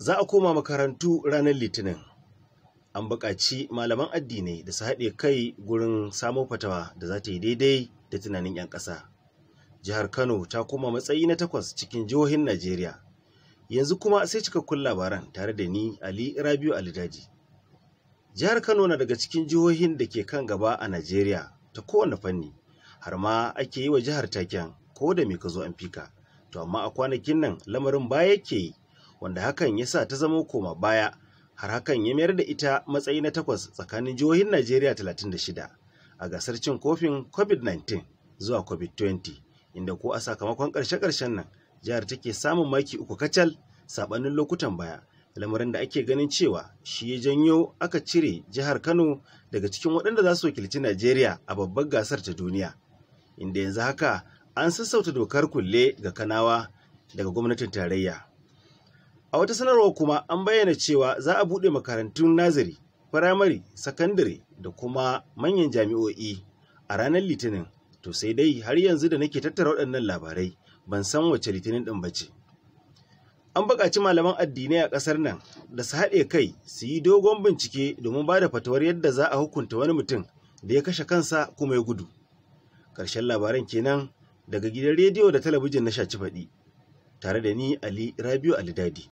za a koma makarantu ranar litinin an buƙaci malaman addinai da su haɗe kai gurin samo fatawa da za ta yi daidai da tunanin 'yan ƙasa jihar kano ta koma matsayi na takwas cikin jihohin najeriya yanzu kuma sai cikakkun labaran tare da ni ali rabiu alidaji jihar kano na daga cikin jihohin da ke kan gaba a najeriya ta kowane fanni har ma ake yi wa jihar taken ko da me ka zo an fika to amma a kwanakin nan lamarin baya ke yi wanda hakan ya sa ta zama koma baya har hakan ya mayar da ita matsayi na takwas tsakanin jihohin Najeriya 36 a gasar cin kofin COVID-19 zuwa COVID-20 inda ko a sakamakon ƙarshe karshen nan jihar take samun maki uku kacal sabanin lokutan baya lamarin da ake ganin cewa shi ya janyo aka cire jihar Kano daga cikin waɗanda za su wakilci Najeriya a babbar gasar ta duniya inda yanzu haka an sassauta dokar kulle ga Kanawa daga gwamnatin tarayya. A wata sanarwa kuma an bayyana cewa za a buɗe makarantun nazari, firamare, sakandare da kuma manyan jami'o'i a ranar Litinin. To sai dai har yanzu da nake tattara waɗannan labarai ban san wace Litinin ɗin ba ce. An buƙaci malaman addinai a ƙasar nan da su haɗe kai su yi dogon bincike domin ba da fatawar yadda za a hukunta wani mutum da ya kashe kansa kuma ya gudu. Ƙarshen labaran kenan daga gidan rediyo da talabijin na shaci faɗi. Tare da ni Ali Rabiu Alidadi.